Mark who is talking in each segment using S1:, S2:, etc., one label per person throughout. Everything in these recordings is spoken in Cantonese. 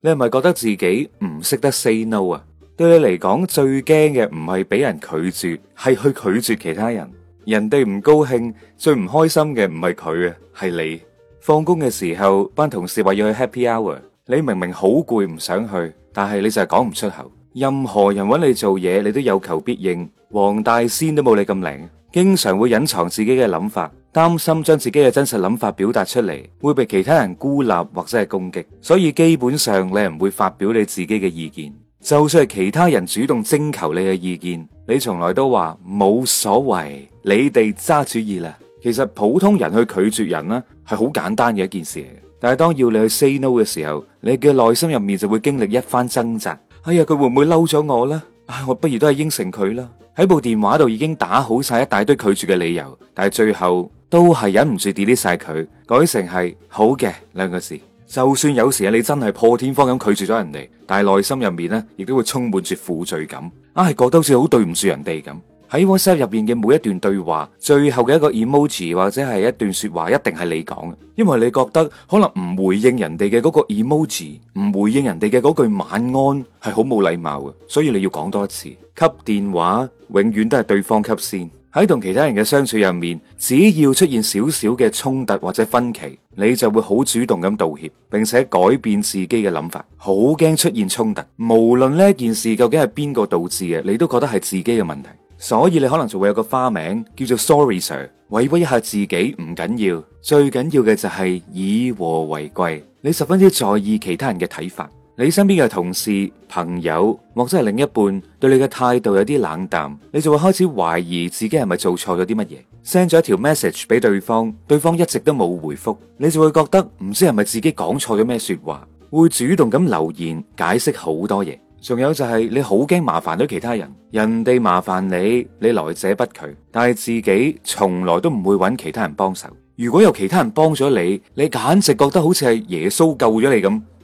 S1: 你係咪覺得自己唔識得 say no 啊？對你嚟講最驚嘅唔係俾人拒絕，係去拒絕其他人。人哋唔高興，最唔開心嘅唔係佢啊，係你。放工嘅時候，班同事話要去 happy hour，你明明好攰唔想去，但係你就係講唔出口。任何人揾你做嘢，你都有求必應。黃大仙都冇你咁靈，經常會隱藏自己嘅諗法。擔心將自己嘅真實諗法表達出嚟會被其他人孤立或者係攻擊，所以基本上你唔會發表你自己嘅意見。就算係其他人主動徵求你嘅意見，你從來都話冇所謂。你哋揸主意啦。其實普通人去拒絕人咧係好簡單嘅一件事嚟。但係當要你去 say no 嘅時候，你嘅內心入面就會經歷一番掙扎。哎呀，佢會唔會嬲咗我呢？哎呀，我不如都係應承佢啦。喺部電話度已經打好晒一大堆拒絕嘅理由，但係最後。都係忍唔住 delete 晒佢，改成係好嘅兩個字。就算有時啊，你真係破天荒咁拒絕咗人哋，但係內心入面咧，亦都會充滿住負罪感，啊，係覺得好似好對唔住人哋咁。喺 WhatsApp 入邊嘅每一段對話，最後嘅一個 emoji 或者係一段說話，一定係你講嘅，因為你覺得可能唔回應人哋嘅嗰個 emoji，唔回應人哋嘅嗰句晚安，係好冇禮貌嘅，所以你要講多一次。扱電話永遠都係對方扱先。喺同其他人嘅相處入面，只要出現少少嘅衝突或者分歧，你就會好主動咁道歉，並且改變自己嘅諗法。好驚出現衝突，無論呢件事究竟係邊個導致嘅，你都覺得係自己嘅問題。所以你可能就會有個花名叫做 Sorry Sir，委屈一下自己唔緊要。最緊要嘅就係以和為貴，你十分之在意其他人嘅睇法。你身邊嘅同事、朋友或者係另一半對你嘅態度有啲冷淡，你就會開始懷疑自己係咪做錯咗啲乜嘢。send 咗一條 message 俾對方，對方一直都冇回覆，你就會覺得唔知係咪自己講錯咗咩說話，會主動咁留言解釋好多嘢。仲有就係、是、你好驚麻煩到其他人，人哋麻煩你，你來者不拒，但係自己從來都唔會揾其他人幫手。如果有其他人幫咗你，你簡直覺得好似係耶穌救咗你咁。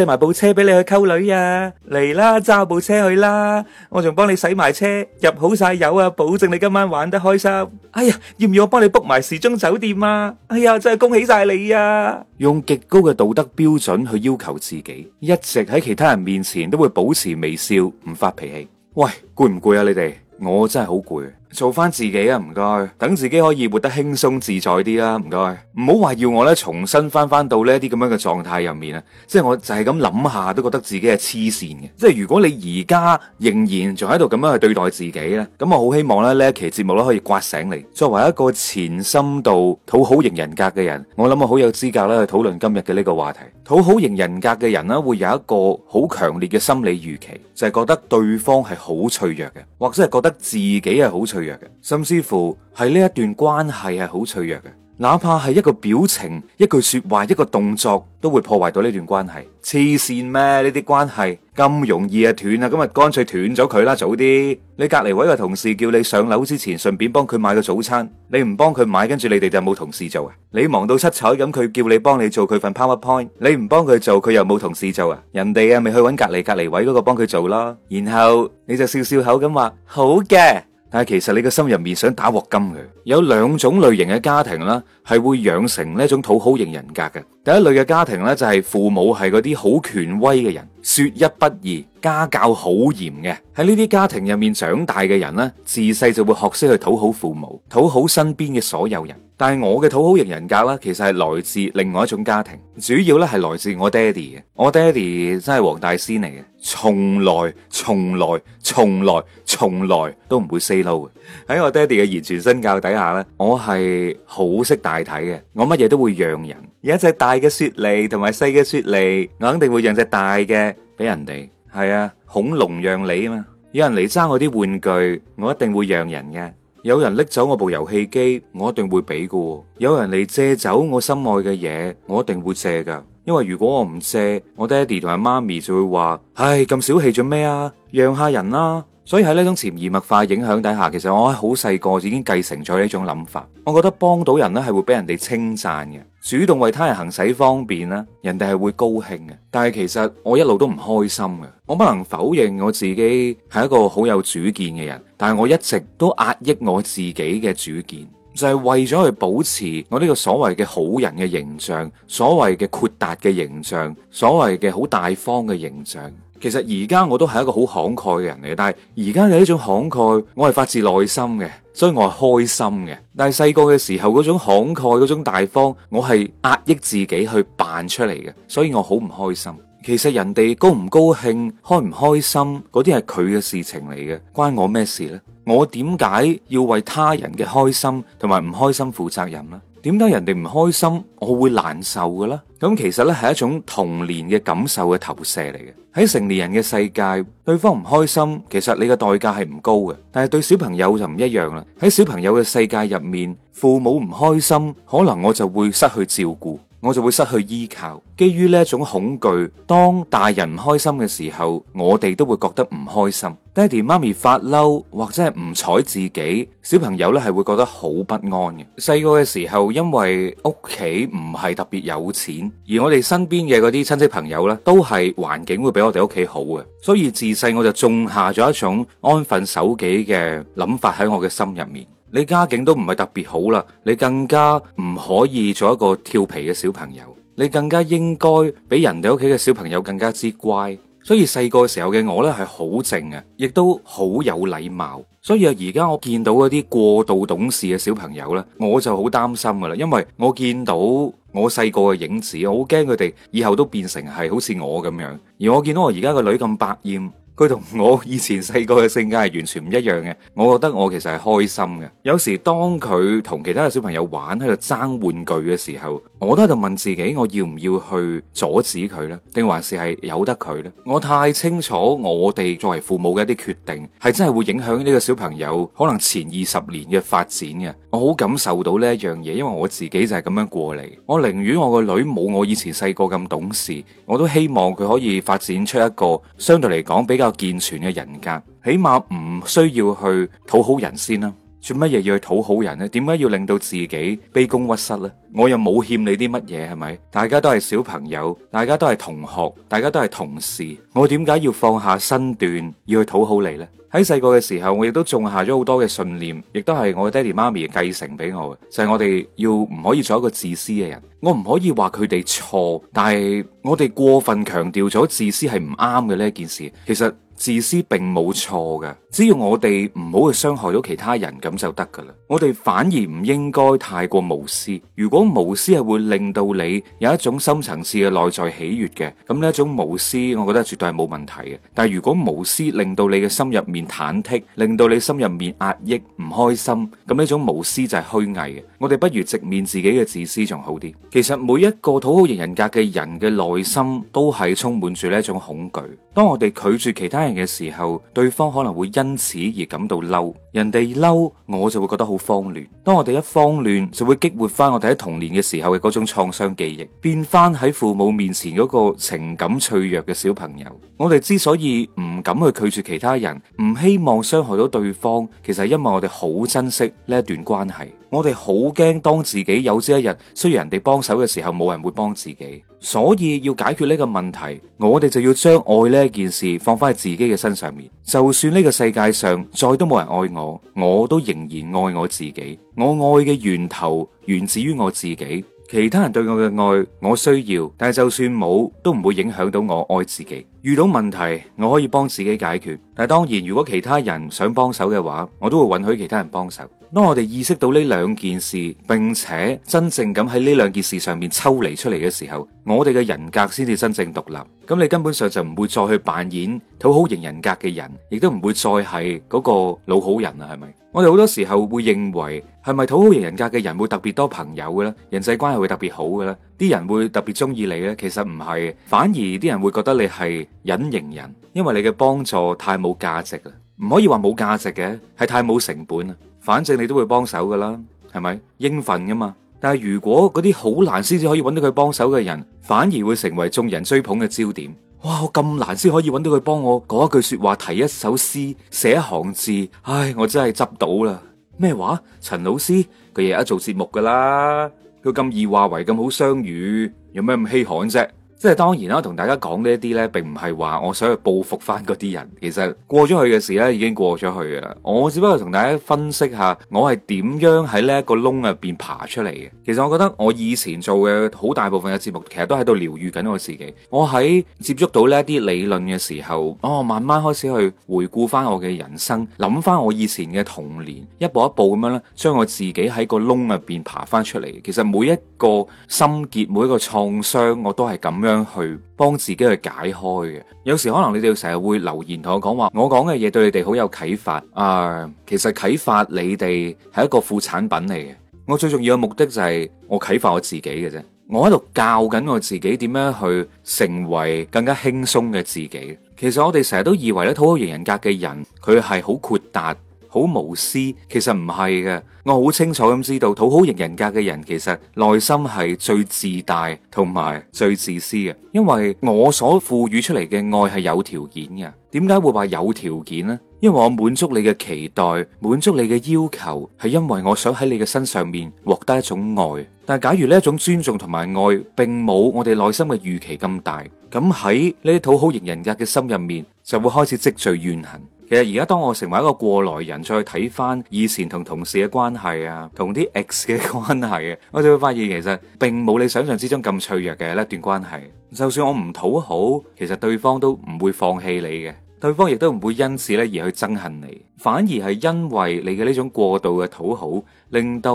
S1: 借埋部車俾你去溝女啊！嚟啦，揸部車去啦！我仲幫你洗埋車，入好晒油啊！保證你今晚玩得開心。哎呀，要唔要我幫你 book 埋時鐘酒店啊？哎呀，真係恭喜晒你呀！用極高嘅道德標準去要求自己，一直喺其他人面前都會保持微笑，唔發脾氣。喂，攰唔攰啊？你哋，我真係好攰。做翻自己啊，唔該，等自己可以活得輕鬆自在啲啦，唔該，唔好話要我咧重新翻翻到呢啲咁樣嘅狀態入面啊，即係我就係咁諗下都覺得自己係黐線嘅，即係如果你而家仍然仲喺度咁樣去對待自己呢，咁我好希望咧呢一期節目咧可以刮醒你。作為一個前深度討好型人格嘅人，我諗我好有資格咧去討論今日嘅呢個話題。討好型人格嘅人咧會有一個好強烈嘅心理預期，就係覺得對方係好脆弱嘅，或者係覺得自己係好脆弱。脆弱嘅，甚至乎係呢一段關係係好脆弱嘅。哪怕係一個表情、一句說話、一個動作，都會破壞到呢段關係。黐線咩？呢啲關係咁容易啊斷啊，咁啊乾脆斷咗佢啦。早啲你隔籬位個同事叫你上樓之前，順便幫佢買個早餐。你唔幫佢買，跟住你哋就冇同事做啊。你忙到七彩咁，佢叫你幫你做佢份 PowerPoint，你唔幫佢做，佢又冇同事做啊。人哋啊，咪去揾隔籬隔籬位嗰個幫佢做囉。然後你就笑笑口咁話好嘅。但係其實你嘅心入面想打鑊金嘅，有兩種類型嘅家庭啦，係會養成呢種討好型人格嘅。第一類嘅家庭呢，就係父母係嗰啲好權威嘅人，說一不二，家教好嚴嘅。喺呢啲家庭入面長大嘅人呢，自細就會學識去討好父母，討好身邊嘅所有人。但係我嘅討好型人格呢，其實係來自另外一種家庭，主要呢係來自我爹哋嘅。我爹哋真係黃大仙嚟嘅，從來從來從來從來都唔會 say no。喺我爹哋嘅言傳身教底下呢，我係好識大體嘅，我乜嘢都會讓人。有一隻大嘅雪梨同埋細嘅雪梨，我肯定會讓隻大嘅俾人哋。係啊，孔融讓梨啊嘛，有人嚟爭我啲玩具，我一定會讓人嘅。有人拎走我部遊戲機，我一定會俾㗎；有人嚟借走我心愛嘅嘢，我一定會借噶。因為如果我唔借，我爹哋同埋媽咪就會話：唉，咁小氣做咩啊？讓下人啦，啊。所以喺呢種潛移默化影響底下，其實我喺好細個已經繼承咗呢種諗法。我覺得幫到人咧，係會俾人哋稱讚嘅。主動為他人行使方便啦，人哋係會高興嘅。但係其實我一路都唔開心嘅，我不能否認我自己係一個好有主見嘅人。但係我一直都壓抑我自己嘅主見，就係為咗去保持我呢個所謂嘅好人嘅形象，所謂嘅豁達嘅形象，所謂嘅好大方嘅形象。其實而家我都係一個好慷慨嘅人嚟，但係而家嘅呢種慷慨，我係發自內心嘅，所以我係開心嘅。但係細個嘅時候嗰種慷慨嗰種大方，我係壓抑自己去扮出嚟嘅，所以我好唔開心。其實人哋高唔高興、開唔開心嗰啲係佢嘅事情嚟嘅，關我咩事呢？我點解要為他人嘅開心同埋唔開心負責任呢？點解人哋唔開心我會難受嘅咧？咁其實咧，係一種童年嘅感受嘅投射嚟嘅。喺成年人嘅世界，對方唔開心，其實你嘅代價係唔高嘅。但係對小朋友就唔一樣啦。喺小朋友嘅世界入面，父母唔開心，可能我就會失去照顧。我就會失去依靠。基於呢一種恐懼，當大人唔開心嘅時候，我哋都會覺得唔開心。爹哋媽咪發嬲或者係唔睬自己，小朋友呢係會覺得好不安嘅。細個嘅時候，因為屋企唔係特別有錢，而我哋身邊嘅嗰啲親戚朋友呢，都係環境會比我哋屋企好嘅，所以自細我就種下咗一種安分守己嘅諗法喺我嘅心入面。你家境都唔係特別好啦，你更加唔可以做一個調皮嘅小朋友，你更加應該比人哋屋企嘅小朋友更加之乖。所以細個時候嘅我呢，係好靜嘅，亦都好有禮貌。所以啊，而家我見到嗰啲過度懂事嘅小朋友呢，我就好擔心噶啦，因為我見到我細個嘅影子，我好驚佢哋以後都變成係好似我咁樣。而我見到我而家個女咁百厭。佢同我以前細個嘅性格係完全唔一樣嘅，我覺得我其實係開心嘅。有時當佢同其他嘅小朋友玩喺度爭玩具嘅時候，我都喺度問自己，我要唔要去阻止佢咧？定還是係由得佢咧？我太清楚我哋作為父母嘅一啲決定，係真係會影響呢個小朋友可能前二十年嘅發展嘅。我好感受到呢一樣嘢，因為我自己就係咁樣過嚟。我寧願我個女冇我以前細個咁懂事，我都希望佢可以發展出一個相對嚟講比較。健全嘅人格，起碼唔需要去討好人先啦、啊。做乜嘢要去討好人呢？點解要令到自己卑躬屈膝呢？我又冇欠你啲乜嘢係咪？大家都係小朋友，大家都係同學，大家都係同事，我點解要放下身段要去討好你呢？喺細個嘅時候，我亦都種下咗好多嘅信念，亦都係我爹哋媽咪繼承俾我嘅，就係我哋要唔可以做一個自私嘅人。我唔可以話佢哋錯，但係我哋過分強調咗自私係唔啱嘅呢件事，其實。自私並冇錯嘅，只要我哋唔好去傷害到其他人，咁就得噶啦。我哋反而唔應該太過無私。如果無私係會令到你有一種深層次嘅內在喜悅嘅，咁呢一種無私，我覺得絕對係冇問題嘅。但係如果無私令到你嘅心入面忐忑，令到你心入面壓抑、唔開心，咁呢一種無私就係虛偽嘅。我哋不如直面自己嘅自私仲好啲。其實每一個討好型人格嘅人嘅內心都係充滿住呢一種恐懼。當我哋拒絕其他人嘅時候，對方可能會因此而感到嬲。人哋嬲，我就會覺得好慌亂。當我哋一慌亂，就會激活翻我哋喺童年嘅時候嘅嗰種創傷記憶，變翻喺父母面前嗰個情感脆弱嘅小朋友。我哋之所以唔敢去拒絕其他人，唔希望傷害到對方，其實係因為我哋好珍惜呢一段關係。我哋好驚當自己有朝一日需要人哋幫手嘅時候，冇人會幫自己。所以要解決呢個問題，我哋就要將愛呢一件事放翻喺自己嘅身上面。就算呢個世界上再都冇人愛我。我都仍然愛我自己，我愛嘅源頭源自於我自己，其他人對我嘅愛我需要，但係就算冇都唔會影響到我愛自己。遇到問題，我可以幫自己解決，但係當然如果其他人想幫手嘅話，我都會允許其他人幫手。當我哋意識到呢兩件事，並且真正咁喺呢兩件事上面抽離出嚟嘅時候，我哋嘅人格先至真正獨立。咁你根本上就唔會再去扮演討好型人格嘅人，亦都唔會再係嗰個老好人啦。係咪？我哋好多時候會認為，係咪討好型人格嘅人會特別多朋友嘅咧？人際關係會特別好嘅咧？啲人會特別中意你咧？其實唔係，反而啲人會覺得你係隱形人，因為你嘅幫助太冇價值啦，唔可以話冇價值嘅，係太冇成本啦。反正你都會幫手噶啦，係咪？應份噶嘛。但係如果嗰啲好難先至可以揾到佢幫手嘅人，反而會成為眾人追捧嘅焦點。哇！我咁難先可以揾到佢幫我講一句說話、提一首詩、寫一行字。唉，我真係執到啦。咩話？陳老師佢日日做節目噶啦，佢咁易話為咁好相與，有咩咁稀罕啫？即係當然啦，同大家講呢一啲呢，並唔係話我想去報復翻嗰啲人。其實過咗去嘅事咧，已經過咗去嘅啦。我只不過同大家分析下，我係點樣喺呢一個窿入邊爬出嚟嘅。其實我覺得我以前做嘅好大部分嘅節目，其實都喺度療愈緊我自己。我喺接觸到呢一啲理論嘅時候，哦，慢慢開始去回顧翻我嘅人生，諗翻我以前嘅童年，一步一步咁樣咧，將我自己喺個窿入邊爬翻出嚟。其實每一個心結，每一個創傷，我都係咁樣。去幫自己去解開嘅，有時可能你哋會成日會留言同我講話，我講嘅嘢對你哋好有啟發啊！其實啟發你哋係一個副產品嚟嘅，我最重要嘅目的就係我啟發我自己嘅啫，我喺度教緊我自己點樣去成為更加輕鬆嘅自己。其實我哋成日都以為咧，討好型人格嘅人佢係好豁達好無私，其實唔係嘅。我好清楚咁知道，討好型人格嘅人其實內心係最自大同埋最自私嘅。因為我所賦予出嚟嘅愛係有條件嘅。點解會話有條件呢？因為我滿足你嘅期待，滿足你嘅要求，係因為我想喺你嘅身上面獲得一種愛。但係假如呢一種尊重同埋愛，並冇我哋內心嘅預期咁大，咁喺呢啲討好型人格嘅心入面，就會開始積聚怨恨。其實而家當我成為一個過來人，再睇翻以前同同事嘅關係啊，同啲 ex 嘅關係啊，我就會發現其實並冇你想象之中咁脆弱嘅一段關係。就算我唔討好，其實對方都唔會放棄你嘅，對方亦都唔會因此咧而去憎恨你，反而係因為你嘅呢種過度嘅討好，令到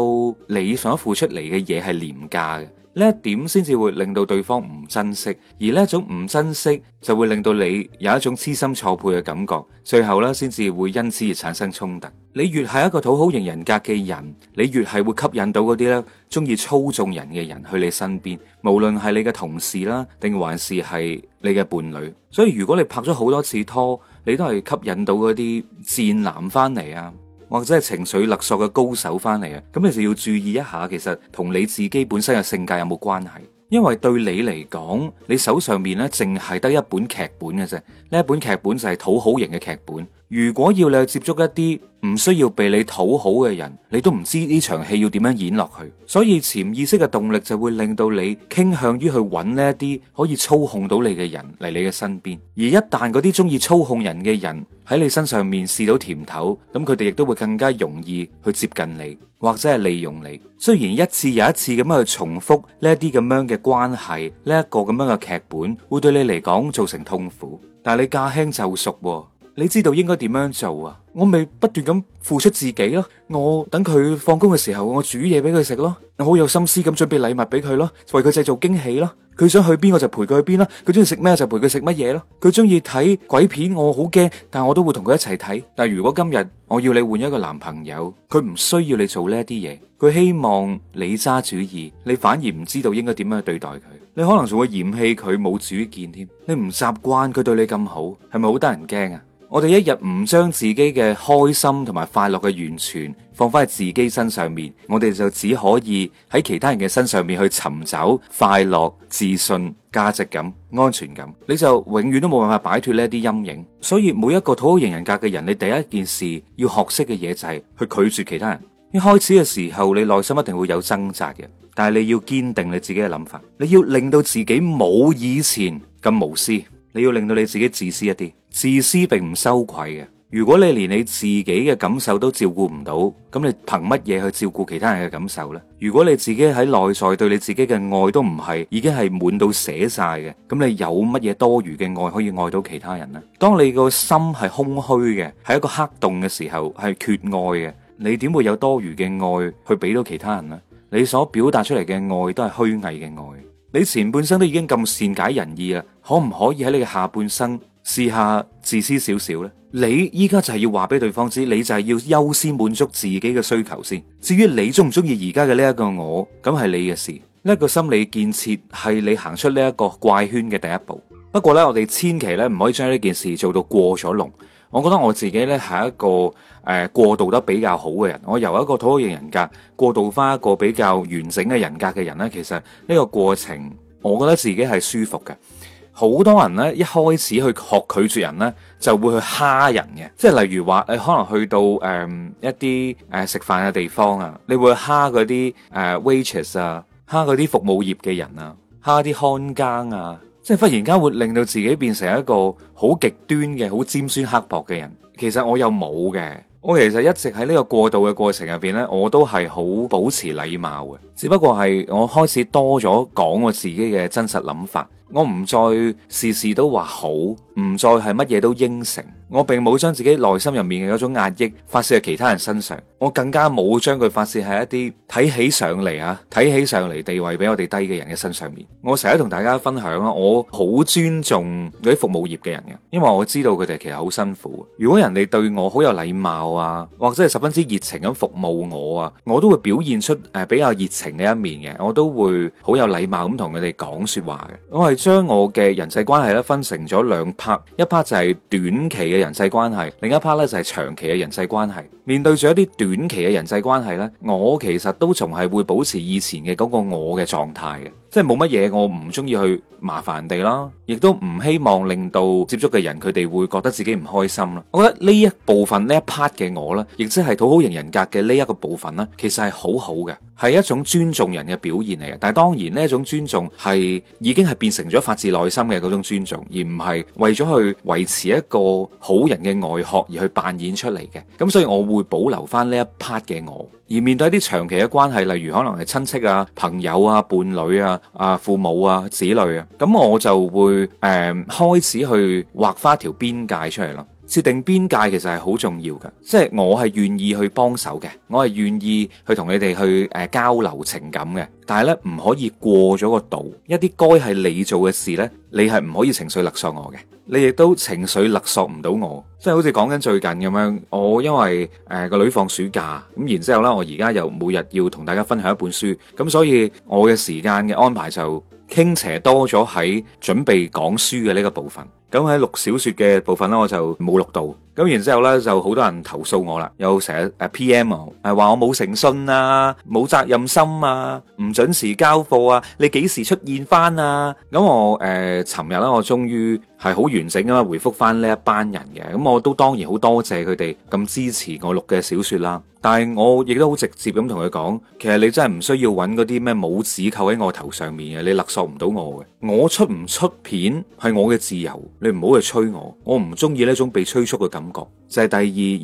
S1: 你所付出嚟嘅嘢係廉價嘅。呢一點先至會令到對方唔珍惜，而呢一種唔珍惜就會令到你有一種痴心錯配嘅感覺，最後咧先至會因此而產生衝突。你越係一個討好型人格嘅人，你越係會吸引到嗰啲咧鍾意操縱人嘅人去你身邊，無論係你嘅同事啦，定還是係你嘅伴侶。所以如果你拍咗好多次拖，你都係吸引到嗰啲賤男翻嚟啊，或者係情緒勒索嘅高手翻嚟呀，咁你就要注意一下，其實同你自己本身嘅性格有冇關係？因為對你嚟講，你手上面咧淨係得一本劇本嘅啫，呢一本劇本就係討好型嘅劇本。如果要你去接觸一啲，唔需要被你討好嘅人，你都唔知呢場戲要點樣演落去，所以潛意識嘅動力就會令到你傾向於去揾呢一啲可以操控到你嘅人嚟你嘅身邊。而一旦嗰啲中意操控人嘅人喺你身上面試到甜頭，咁佢哋亦都會更加容易去接近你或者係利用你。雖然一次又一次咁樣去重複呢一啲咁樣嘅關係，呢、這、一個咁樣嘅劇本會對你嚟講造成痛苦，但係你駕輕就熟、啊。你知道應該點樣做啊？我咪不斷咁付出自己咯、啊。我等佢放工嘅時候，我煮嘢俾佢食咯。我好有心思咁準備禮物俾佢咯，為佢製造驚喜咯、啊。佢想去邊，我就陪佢去邊啦、啊。佢中意食咩就陪佢食乜嘢咯。佢中意睇鬼片，我好驚，但我都會同佢一齊睇。但係如果今日我要你換一個男朋友，佢唔需要你做呢一啲嘢，佢希望你揸主意，你反而唔知道應該點樣去對待佢。你可能仲會嫌棄佢冇主見添。你唔習慣佢對你咁好，係咪好得人驚啊？我哋一日唔將自己嘅開心同埋快樂嘅源泉放翻喺自己身上面，我哋就只可以喺其他人嘅身上面去尋找快樂、自信、價值感、安全感。你就永遠都冇辦法擺脫呢一啲陰影。所以每一個討好型人格嘅人，你第一件事要學識嘅嘢就係去拒絕其他人。一開始嘅時候，你內心一定會有掙扎嘅，但係你要堅定你自己嘅諗法，你要令到自己冇以前咁無私，你要令到你自己自私一啲。自私並唔羞愧嘅。如果你連你自己嘅感受都照顧唔到，咁你憑乜嘢去照顧其他人嘅感受呢？如果你自己喺內在對你自己嘅愛都唔係已經係滿到寫晒嘅，咁你有乜嘢多餘嘅愛可以愛到其他人呢？當你個心係空虛嘅，係一個黑洞嘅時候，係缺愛嘅，你點會有多餘嘅愛去俾到其他人呢？你所表達出嚟嘅愛都係虛偽嘅愛。你前半生都已經咁善解人意喇，可唔可以喺你嘅下半生？試下自私少少咧，你依家就係要話俾對方知，你就係要優先滿足自己嘅需求先。至於你中唔中意而家嘅呢一個我，咁係你嘅事。呢、這、一個心理建設係你行出呢一個怪圈嘅第一步。不過咧，我哋千祈咧唔可以將呢件事做到過咗籠。我覺得我自己咧係一個誒、呃、過渡得比較好嘅人。我由一個討好型人格過渡翻一個比較完整嘅人格嘅人呢，其實呢個過程，我覺得自己係舒服嘅。好多人呢，一開始去學拒絕人呢，就會去蝦人嘅。即係例如話，誒可能去到誒、嗯、一啲誒食飯嘅地方啊，你會蝦嗰啲誒 waitress 啊，蝦嗰啲服務業嘅人啊，蝦啲看更啊，即係忽然間會令到自己變成一個好極端嘅、好尖酸刻薄嘅人。其實我又冇嘅，我其實一直喺呢個過渡嘅過程入邊呢，我都係好保持禮貌嘅。只不過係我開始多咗講我自己嘅真實諗法。我唔再事事都話好。唔再係乜嘢都應承，我並冇將自己內心入面嘅嗰種壓抑發泄喺其他人身上，我更加冇將佢發泄喺一啲睇起上嚟啊，睇起上嚟地位比我哋低嘅人嘅身上面。我成日同大家分享啊，我好尊重嗰啲服務業嘅人嘅，因為我知道佢哋其實好辛苦。如果人哋對我好有禮貌啊，或者係十分之熱情咁服務我啊，我都會表現出誒比較熱情呢一面嘅，我都會好有禮貌咁同佢哋講說話嘅。我係將我嘅人際關係咧分成咗兩。一 part 就係短期嘅人際關係，另一 part 咧就係長期嘅人際關係。面對住一啲短期嘅人際關係呢，我其實都仲係會保持以前嘅嗰個我嘅狀態嘅。即係冇乜嘢，我唔中意去麻煩人哋啦，亦都唔希望令到接觸嘅人佢哋會覺得自己唔開心啦。我覺得呢一部分呢一 part 嘅我咧，亦即係討好型人格嘅呢一個部分咧，其實係好好嘅，係一種尊重人嘅表現嚟嘅。但係當然呢一種尊重係已經係變成咗發自內心嘅嗰種尊重，而唔係為咗去維持一個好人嘅外殼而去扮演出嚟嘅。咁所以我會保留翻呢一 part 嘅我。而面對一啲長期嘅關係，例如可能係親戚啊、朋友啊、伴侶啊、啊父母啊、子女啊，咁我就會誒、呃、開始去劃返條邊界出嚟咯。設定邊界其實係好重要嘅，即係我係願意去幫手嘅，我係願意去同你哋去誒交流情感嘅，但係咧唔可以過咗個度，一啲該係你做嘅事呢，你係唔可以情緒勒索我嘅，你亦都情緒勒索唔到我，即係好似講緊最近咁樣，我因為誒個女放暑假，咁然之後咧，我而家又每日要同大家分享一本書，咁所以我嘅時間嘅安排就傾斜多咗喺準備講書嘅呢個部分。咁喺錄小說嘅部分咧，我就冇錄到。咁然之後呢，就好多人投訴我啦，又成日 PM 我，誒話我冇誠信啊，冇責任心啊，唔準時交貨啊，你幾時出現翻啊？咁我誒尋日咧，我終於係好完整咁回覆翻呢一班人嘅，咁我都當然好多謝佢哋咁支持我錄嘅小説啦。但係我亦都好直接咁同佢講，其實你真係唔需要揾嗰啲咩帽子扣喺我頭上面嘅，你勒索唔到我嘅，我出唔出片係我嘅自由，你唔好去催我，我唔中意呢種被催促嘅感。感覺。就係第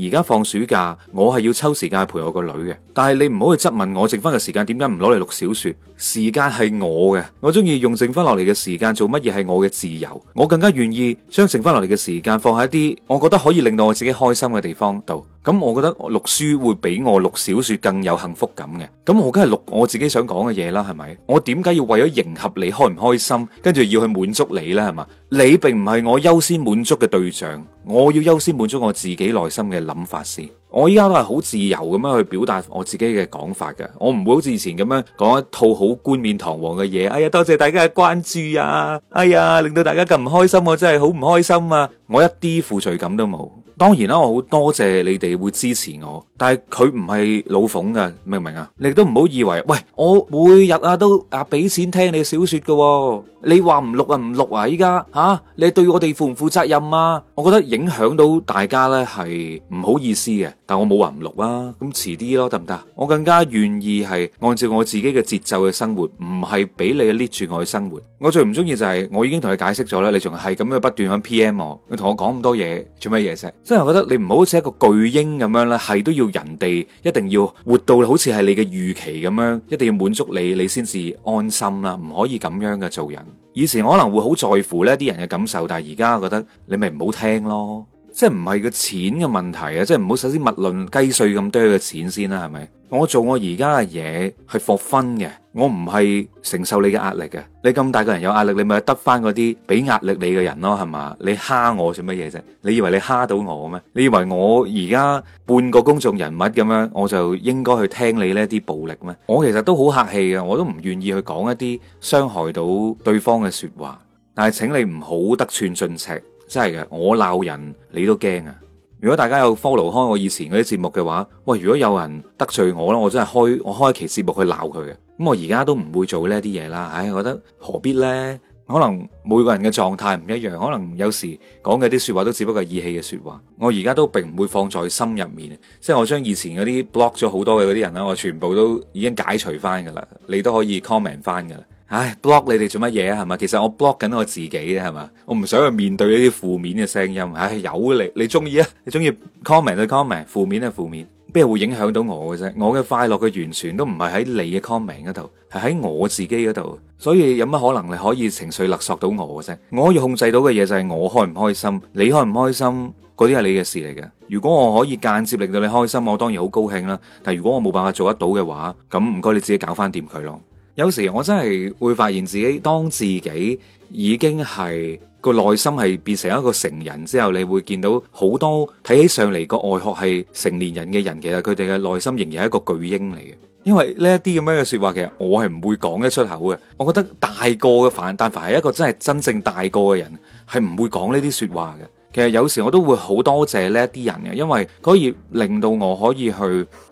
S1: 二，而家放暑假，我係要抽時間去陪我個女嘅。但係你唔好去質問我剩，剩翻嘅時間點解唔攞嚟錄小說？時間係我嘅，我中意用剩翻落嚟嘅時間做乜嘢係我嘅自由。我更加願意將剩翻落嚟嘅時間放喺一啲我覺得可以令到我自己開心嘅地方度。咁我覺得錄書會比我錄小說更有幸福感嘅。咁我梗係錄我自己想講嘅嘢啦，係咪？我點解要為咗迎合你開唔開心，跟住要去滿足你呢？係嘛？你並唔係我優先滿足嘅對象，我要優先滿足我自己。自己內心嘅諗法先，我依家都係好自由咁樣去表達我自己嘅講法㗎，我唔會好似以前咁樣講一套好冠冕堂皇嘅嘢。哎呀，多謝大家嘅關注啊！哎呀，令到大家咁唔開心，我真係好唔開心啊！我一啲負罪感都冇，當然啦，我好多謝你哋會支持我。但係佢唔係老奉㗎，明唔明啊？你都唔好以為，喂，我每日啊都啊俾錢聽你小説，嘅，你話唔錄啊唔錄啊！依家吓，你對我哋負唔負責任啊？我覺得影響到大家呢係唔好意思嘅。但係我冇話唔錄啊，咁遲啲咯，得唔得？我更加願意係按照我自己嘅節奏嘅生活，唔係俾你拎住我去生活。我最唔中意就係，我已經同你解釋咗啦，你仲係咁樣不斷響 PM 我，你同我講咁多嘢做乜嘢啫？真係覺得你唔好似一個巨嬰咁樣咧，係都要。人哋一定要活到好似係你嘅預期咁樣，一定要滿足你，你先至安心啦。唔可以咁樣嘅做人。以前我可能會好在乎呢啲人嘅感受，但係而家覺得你咪唔好聽咯。即係唔係個錢嘅問題啊！即係唔好首先勿論雞碎咁多嘅錢先啦，係咪？我做我而家嘅嘢係 for fun 嘅。我唔係承受你嘅壓力嘅。你咁大個人有壓力，你咪得翻嗰啲俾壓力你嘅人咯，係嘛？你蝦我做乜嘢啫？你以為你蝦到我咩？你以為我而家半個公眾人物咁樣，我就應該去聽你呢啲暴力咩？我其實都好客氣嘅，我都唔願意去講一啲傷害到對方嘅説話。但係請你唔好得寸進尺，真係嘅。我鬧人你都驚啊！如果大家有 follow 開我以前嗰啲節目嘅話，喂，如果有人得罪我啦，我真係開我開一期節目去鬧佢嘅。咁我而家都唔會做呢啲嘢啦。唉，我覺得何必呢？可能每個人嘅狀態唔一樣，可能有時講嘅啲說話都只不過意氣嘅說話。我而家都並唔會放在心入面，即係我將以前嗰啲 block 咗好多嘅嗰啲人啦，我全部都已經解除翻噶啦。你都可以 comment 翻噶啦。唉，block 你哋做乜嘢啊？係咪，其實我 block 緊我自己咧，係嘛，我唔想去面對呢啲負面嘅聲音。唉，有你，你中意啊？你中意 comment 就 comment，負面就負面。咩會影響到我嘅啫？我嘅快樂佢完全都唔係喺你嘅 comment 嗰度，係喺我自己嗰度。所以有乜可能你可以情緒勒索到我嘅啫？我可以控制到嘅嘢就係我開唔開心，你開唔開心，嗰啲係你嘅事嚟嘅。如果我可以間接令到你開心，我當然好高興啦。但如果我冇辦法做得到嘅話，咁唔該你自己搞翻掂佢咯。有時我真係會發現自己當自己已經係。個內心係變成一個成人之後，你會見到好多睇起上嚟，個外殼係成年人嘅人，其實佢哋嘅內心仍然係一個巨嬰嚟嘅。因為呢一啲咁樣嘅說話，其實我係唔會講得出口嘅。我覺得大個嘅凡但凡係一個真係真正大個嘅人，係唔會講呢啲說話嘅。其實有時我都會好多謝呢一啲人嘅，因為可以令到我可以去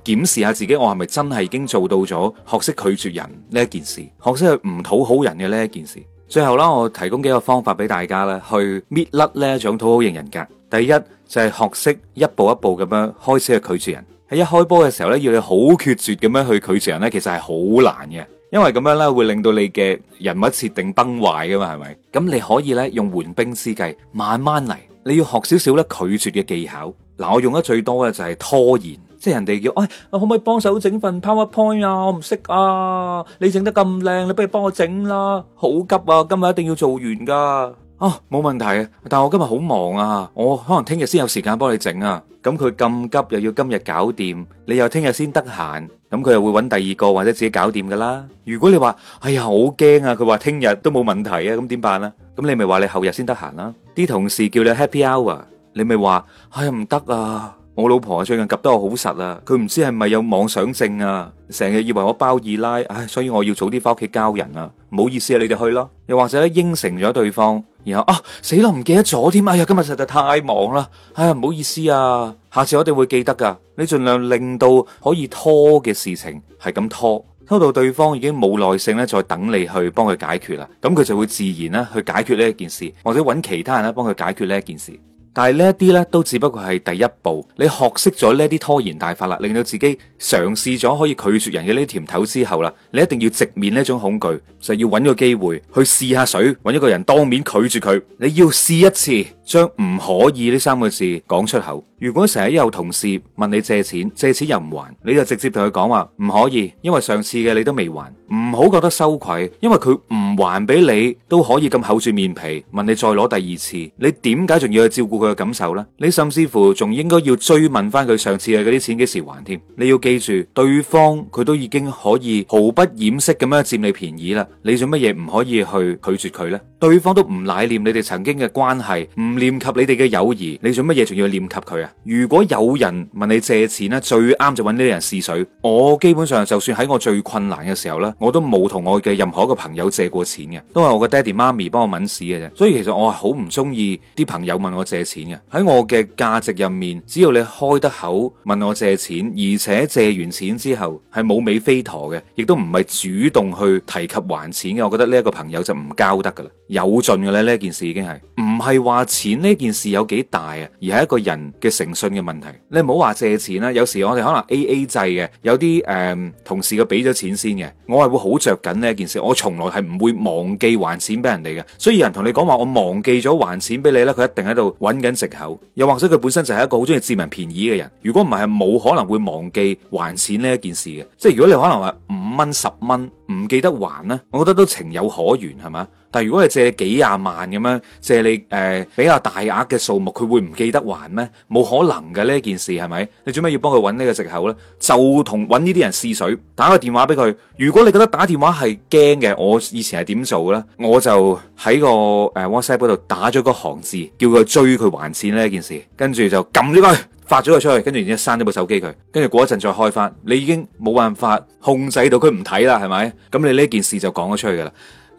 S1: 檢視下自己，我係咪真係已經做到咗學識拒絕人呢一件事，學識去唔討好人嘅呢一件事。最後啦，我提供幾個方法俾大家咧，去搣甩呢一種討好型人格。第一就係學識一步一步咁樣開始去拒絕人。喺一開波嘅時候咧，要你好決絕咁樣去拒絕人咧，其實係好難嘅，因為咁樣咧會令到你嘅人物設定崩壞噶嘛，係咪？咁你可以咧用緩兵之計，慢慢嚟。你要學少少咧拒絕嘅技巧嗱，我用得最多嘅就係拖延。即係人哋叫，哎，我可唔可以幫手整份 PowerPoint 啊？我唔識啊，你整得咁靚，你不如幫我整啦，好急啊！今日一定要做完噶，啊、哦，冇問題，但我今日好忙啊，我可能聽日先有時間幫你整啊。咁佢咁急又要今日搞掂，你又聽日先得閒，咁佢又會揾第二個或者自己搞掂噶啦。如果你話，哎呀，好驚啊，佢話聽日都冇問題啊，咁點辦啊？咁你咪話你後日先得閒啦。啲同事叫你 Happy Hour，你咪話，哎呀，唔得啊？我老婆最近夾得我好實啊！佢唔知係咪有妄想症啊？成日以為我包二奶，唉、哎，所以我要早啲翻屋企交人啊！唔好意思啊，你哋去咯。又或者應承咗對方，然後啊，死啦，唔記得咗添，哎呀，今日實在太忙啦，哎呀，唔好意思啊，下次我哋會記得噶。你盡量令到可以拖嘅事情係咁拖，拖到對方已經冇耐性咧，再等你去幫佢解決啦。咁佢就會自然咧去解決呢一件事，或者揾其他人咧幫佢解決呢一件事。但係呢一啲咧，都只不過係第一步。你學識咗呢啲拖延大法啦，令到自己嘗試咗可以拒絕人嘅呢啲甜頭之後啦，你一定要直面呢種恐懼，就要揾個機會去試下水，揾一個人當面拒絕佢。你要試一次，將唔可以呢三個字講出口。如果成日有同事問你借錢，借錢又唔還，你就直接同佢講話唔可以，因為上次嘅你都未還。唔好覺得羞愧，因為佢唔還俾你都可以咁厚住面皮問你再攞第二次。你點解仲要去照顧佢？嘅感受啦，你甚至乎仲應該要追問翻佢上次嘅嗰啲錢幾時還添？你要記住，對方佢都已經可以毫不掩飾咁樣佔你便宜啦。你做乜嘢唔可以去拒絕佢呢？對方都唔乃念你哋曾經嘅關係，唔念及你哋嘅友誼，你做乜嘢仲要念及佢啊？如果有人問你借錢咧，最啱就揾呢啲人試水。我基本上就算喺我最困難嘅時候呢，我都冇同我嘅任何一個朋友借過錢嘅，都係我嘅爹哋媽咪幫我揾屎嘅啫。所以其實我係好唔中意啲朋友問我借錢。錢嘅喺我嘅價值入面，只要你開得口問我借錢，而且借完錢之後係冇尾飛陀嘅，亦都唔係主動去提及還錢嘅，我覺得呢一個朋友就唔交得㗎喇，有盡嘅咧呢一件事已經係，唔係話錢呢件事有幾大啊，而係一個人嘅誠信嘅問題。你唔好話借錢啦，有時我哋可能 A A 制嘅，有啲誒、嗯、同事佢俾咗錢先嘅，我係會好着緊呢一件事，我從來係唔會忘記還錢俾人哋嘅。所以有人同你講話我忘記咗還錢俾你咧，佢一定喺度搵緊借口，又或者佢本身就係一個好中意佔人便宜嘅人，如果唔係，係冇可能會忘記還錢呢一件事嘅。即係如果你可能話五蚊十蚊唔記得還呢，我覺得都情有可原，係嘛？但如果你借幾廿萬咁樣借你誒、呃、比較大額嘅數目，佢會唔記得還咩？冇可能嘅呢件事係咪？你做咩要幫佢搵呢個藉口呢？就同搵呢啲人試水，打個電話俾佢。如果你覺得打電話係驚嘅，我以前係點做呢？我就喺個誒、呃、WhatsApp 嗰度打咗個行字，叫佢追佢還錢呢件事。跟住就撳咗佢，發咗佢出去。跟住然之後閂咗部手機佢。跟住過一陣再開翻，你已經冇辦法控制到佢唔睇啦，係咪？咁你呢件事就講咗出去噶啦。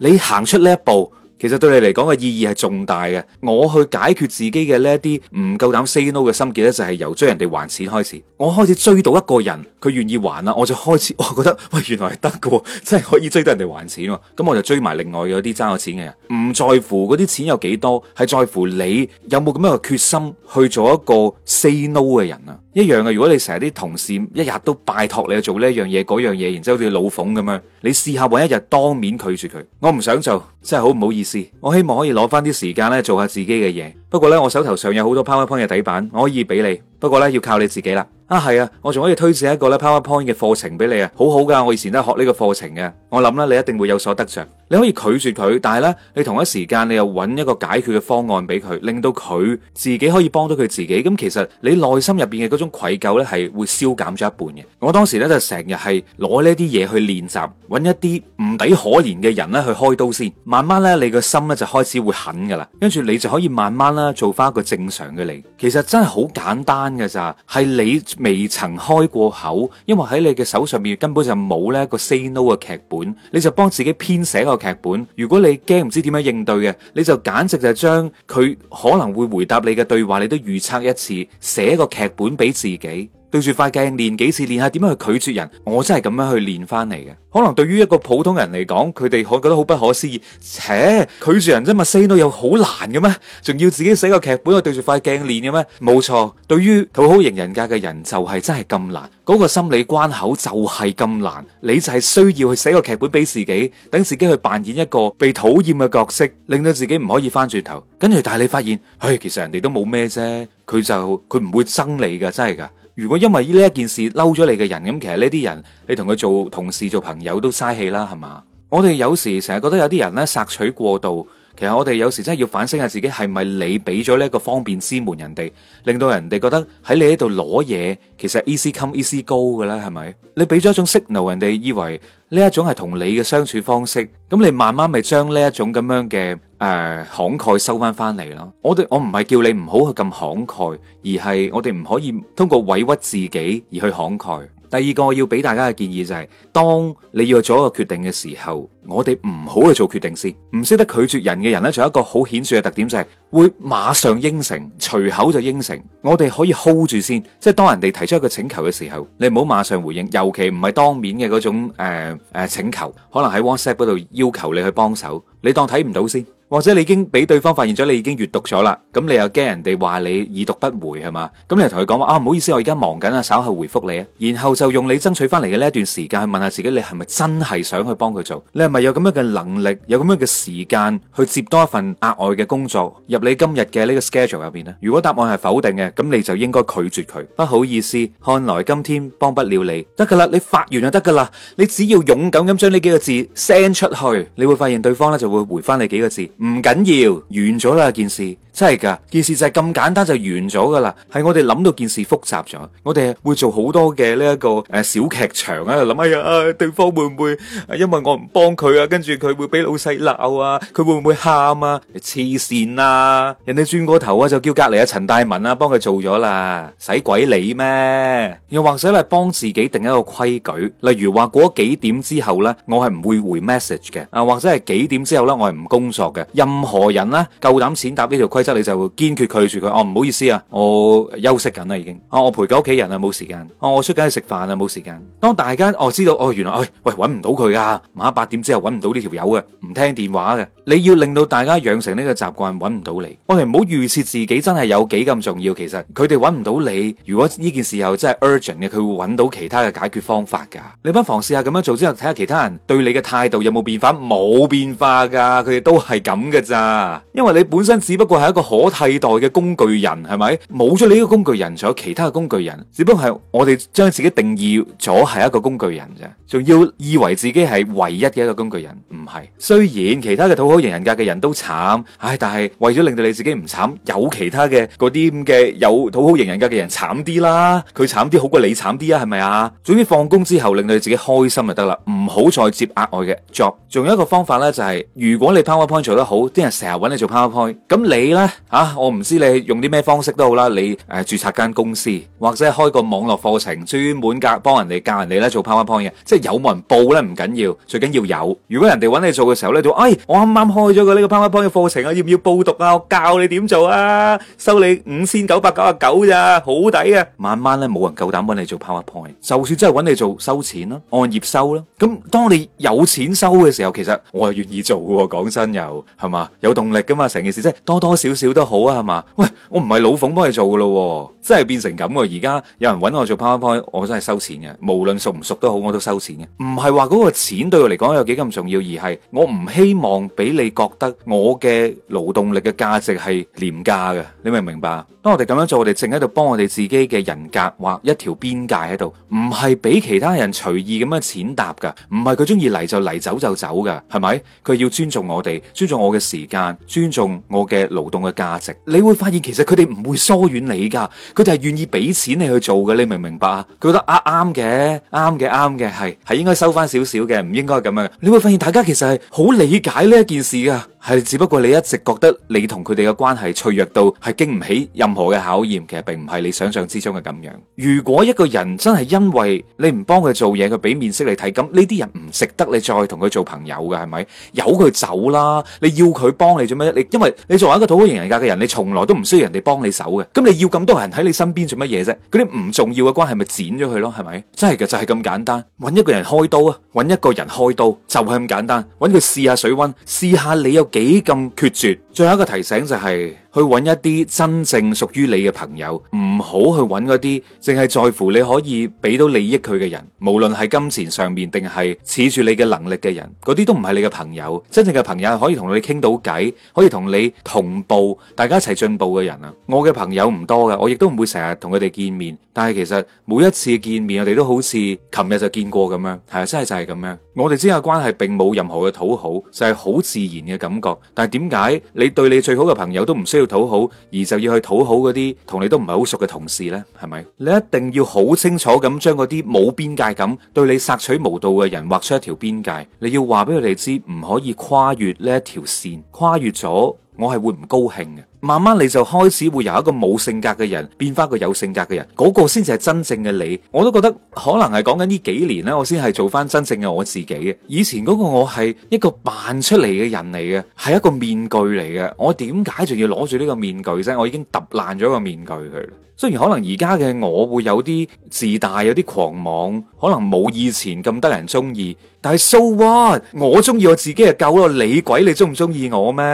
S1: 你行出呢一步。其實對你嚟講嘅意義係重大嘅。我去解決自己嘅呢一啲唔夠膽 say no 嘅心結咧，就係由追人哋還錢開始。我開始追到一個人，佢願意還啦，我就開始，我覺得喂，原來係得喎，真係可以追到人哋還錢。咁我就追埋另外有啲爭我錢嘅人，唔在乎嗰啲錢有幾多，係在乎你有冇咁樣嘅決心去做一個 say no 嘅人啊。一樣嘅，如果你成日啲同事一日都拜託你去做呢樣嘢、嗰樣嘢，然之後好似老奉咁樣，你試下搵一日當面拒絕佢，我唔想做。真係好唔好意思，我希望可以攞翻啲時間咧，做下自己嘅嘢。不過咧，我手頭上有好多 PowerPoint 嘅底板，我可以俾你。不過咧，要靠你自己啦。啊，係啊，我仲可以推薦一個 PowerPoint 嘅課程俾你啊，好好噶，我以前都學呢個課程嘅。我諗咧，你一定會有所得着。你可以拒絕佢，但係咧，你同一時間你又揾一個解決嘅方案俾佢，令到佢自己可以幫到佢自己。咁其實你內心入邊嘅嗰種愧疚咧，係會消減咗一半嘅。我當時咧就成日係攞呢啲嘢去練習，揾一啲唔抵可憐嘅人咧去開刀先，慢慢咧你個心咧就開始會狠噶啦，跟住你就可以慢慢做翻一個正常嘅你，其實真係好簡單嘅咋，係你未曾開過口，因為喺你嘅手上面根本就冇呢個 say no 嘅劇本，你就幫自己編寫個劇本。如果你驚唔知點樣應對嘅，你就簡直就將佢可能會回答你嘅對話，你都預測一次，寫個劇本俾自己。對住塊鏡練幾次練下，點樣去拒絕人？我真係咁樣去練翻嚟嘅。可能對於一個普通人嚟講，佢哋可覺得好不可思議。切，拒絕人啫嘛，say no 有好難嘅咩？仲要自己寫個劇本去對住塊鏡練嘅咩？冇錯，對於討好型人格嘅人，就係真係咁難。嗰個心理關口就係咁難，你就係需要去寫個劇本俾自己，等自己去扮演一個被討厭嘅角色，令到自己唔可以翻轉頭。跟住，但係你發現，唉，其實人哋都冇咩啫，佢就佢唔會憎你噶，真係噶。如果因為呢一件事嬲咗你嘅人，咁其實呢啲人你同佢做同事、做朋友都嘥氣啦，係嘛？我哋有時成日覺得有啲人呢，索取過度。其實我哋有時真係要反省下自己，係咪你俾咗呢一個方便之門，人哋令到人哋覺得喺你呢度攞嘢？其實 easy come easy go 㗎喇，係咪？你俾咗一種 signal，人哋以為呢一種係同你嘅相處方式，咁你慢慢咪將呢一種咁樣嘅誒、呃、慷慨收翻翻嚟咯。我哋我唔係叫你唔好去咁慷慨，而係我哋唔可以通過委屈自己而去慷慨。第二個我要俾大家嘅建議就係，當你要做一個決定嘅時候，我哋唔好去做決定先。唔識得拒絕人嘅人呢，仲有一個好顯著嘅特點就係會馬上應承，隨口就應承。我哋可以 hold 住先，即係當人哋提出一個請求嘅時候，你唔好馬上回應，尤其唔係當面嘅嗰種誒誒請求，可能喺 WhatsApp 度要求你去幫手，你當睇唔到先。或者你已經俾對方發現咗你已經閱讀咗啦，咁你又驚人哋話你已讀不回係嘛？咁你同佢講話啊，唔好意思，我而家忙緊啊，稍後回覆你啊。然後就用你爭取翻嚟嘅呢一段時間去問下自己，你係咪真係想去幫佢做？你係咪有咁樣嘅能力，有咁樣嘅時間去接多一份額外嘅工作入你今日嘅呢個 schedule 入邊呢？如果答案係否定嘅，咁你就應該拒絕佢。不好意思，看來今天幫不了你，得噶啦，你發完就得噶啦。你只要勇敢咁將呢幾個字 send 出去，你會發現對方咧就會回翻你幾個字。唔緊要，完咗啦件事，真係噶，件事就係咁簡單就完咗噶啦。係我哋諗到件事複雜咗，我哋會做好多嘅呢一個誒、呃、小劇場啊。諗啊、哎、呀，對方會唔會因為我唔幫佢啊？跟住佢會俾老細鬧啊？佢會唔會喊啊？黐線啊！人哋轉過頭啊，就叫隔離阿陳大文啊幫佢做咗啦，使鬼理咩？又或者係幫自己定一個規矩，例如話過幾點之後呢，我係唔會回 message 嘅啊，或者係幾點之後呢，我係唔工作嘅。任何人呢，夠膽踐踏呢條規則，你就會堅決拒絕佢。哦，唔好意思啊，我休息緊啦，已經。哦，我陪佢屋企人啊，冇時間。哦，我出街去食飯啊，冇時間。當大家哦知道哦原來、哎、喂喂揾唔到佢㗎，晚黑八點之後揾唔到呢條友嘅，唔聽電話嘅。你要令到大家養成呢個習慣，揾唔到你。我哋唔好預設自己真係有幾咁重要。其實佢哋揾唔到你，如果呢件事又真係 urgent 嘅，佢會揾到其他嘅解決方法㗎。你不妨試下咁樣做之後，睇下其他人對你嘅態度有冇變化，冇變化㗎，佢哋都係咁。咁嘅咋？因為你本身只不過係一個可替代嘅工具人，係咪？冇咗你呢個工具人，仲有其他嘅工具人。只不過係我哋將自己定義咗係一個工具人啫，仲要以為自己係唯一嘅一個工具人，唔係。雖然其他嘅討好型人格嘅人都慘，唉，但係為咗令到你自己唔慘，有其他嘅嗰啲咁嘅有討好型人格嘅人慘啲啦，佢慘啲好過你慘啲啊，係咪啊？總之放工之後令到你自己開心就得啦，唔好再接額外嘅 job。仲有一個方法呢，就係、是、如果你 PowerPoint 做得，好啲人成日揾你做 PowerPoint，咁你咧吓，我唔知你用啲咩方式都好啦。你誒註冊間公司，或者開個網絡課程，專門教幫人哋教人哋咧做 PowerPoint 嘅，即係有冇人報咧唔緊要，最緊要有。如果人哋揾你做嘅時候咧就話，哎，我啱啱開咗個呢個 PowerPoint 嘅課程啊，要唔要報讀啊？我教你點做啊，收你五千九百九啊九咋，好抵啊！慢慢咧冇人夠膽揾你做 PowerPoint，就算真係揾你做收錢啦，按頁收啦。咁當你有錢收嘅時候，其實我係願意做嘅，講真又。係嘛，有動力噶嘛，成件事即係多多少少都好啊，係嘛。喂，我唔係老奉幫你做噶咯、哦，真係變成咁。而家有人揾我做 PowerPoint，我真係收錢嘅，無論熟唔熟都好，我都收錢嘅。唔係話嗰個錢對我嚟講有幾咁重要，而係我唔希望俾你覺得我嘅勞動力嘅價值係廉價嘅。你明唔明白？當我哋咁樣做，我哋正喺度幫我哋自己嘅人格或一條邊界喺度，唔係俾其他人隨意咁樣踐踏噶，唔係佢中意嚟就嚟，走就走噶，係咪？佢要尊重我哋，尊重我。嘅時間尊重我嘅勞動嘅價值，你會發現其實佢哋唔會疏遠你噶，佢哋係願意俾錢你去做嘅，你明唔明白啊？佢覺得啱嘅，啱嘅，啱嘅，係係應該收翻少少嘅，唔應該咁樣。你會發現大家其實係好理解呢一件事噶。係只不過你一直覺得你同佢哋嘅關係脆弱到係經唔起任何嘅考驗，其實並唔係你想象之中嘅咁樣。如果一個人真係因為你唔幫佢做嘢，佢俾面色你睇，咁呢啲人唔值得你再同佢做朋友嘅係咪？由佢走啦！你要佢幫你做咩？你因為你作為一個討好型人格嘅人，你從來都唔需要人哋幫你手嘅。咁你要咁多人喺你身邊做乜嘢啫？嗰啲唔重要嘅關係咪剪咗佢咯？係咪？真係嘅就係咁簡單，搵一個人開刀啊！搵一個人開刀就係咁簡單，搵佢試下水溫，試下你有。幾咁決絕。最後一個提醒就係去揾一啲真正屬於你嘅朋友，唔好去揾嗰啲淨係在乎你可以俾到利益佢嘅人，無論係金錢上面定係恃住你嘅能力嘅人，嗰啲都唔係你嘅朋友。真正嘅朋友係可以同你傾到偈，可以同你同步，大家一齊進步嘅人啊！我嘅朋友唔多噶，我亦都唔會成日同佢哋見面，但係其實每一次見面，我哋都好似琴日就見過咁樣，係真係就係咁樣。我哋之間嘅關係並冇任何嘅討好，就係好自然嘅感覺。但係點解？你對你最好嘅朋友都唔需要討好，而就要去討好嗰啲同你都唔係好熟嘅同事呢，係咪？你一定要好清楚咁將嗰啲冇邊界感對你索取無道嘅人畫出一條邊界，你要話俾佢哋知唔可以跨越呢一條線，跨越咗我係會唔高興嘅。慢慢你就開始會由一個冇性格嘅人變翻一個有性格嘅人，嗰個先至係真正嘅你。我都覺得可能係講緊呢幾年咧，我先係做翻真正嘅我自己嘅。以前嗰個我係一個扮出嚟嘅人嚟嘅，係一個面具嚟嘅。我點解仲要攞住呢個面具啫？我已經揼爛咗個面具佢。雖然可能而家嘅我會有啲自大，有啲狂妄，可能冇以前咁得人中意。但係 so what？我中意我自己就夠咯。你鬼你中唔中意我咩？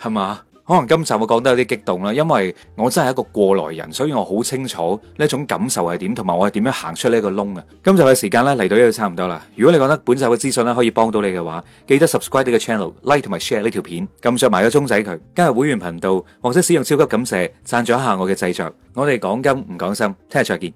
S1: 係嘛？可能今集我講得有啲激動啦，因為我真係一個過來人，所以我好清楚呢種感受係點，同埋我係點樣行出呢個窿嘅。今集嘅時間咧，嚟到呢度差唔多啦。如果你覺得本集嘅資訊咧可以幫到你嘅話，記得 subscribe 呢個 channel，like 同埋 share 呢條片，撳上埋個鐘仔佢，加入會員頻道。或者使用超級感謝贊助一下我嘅製作。我哋講金唔講心，聽日再見。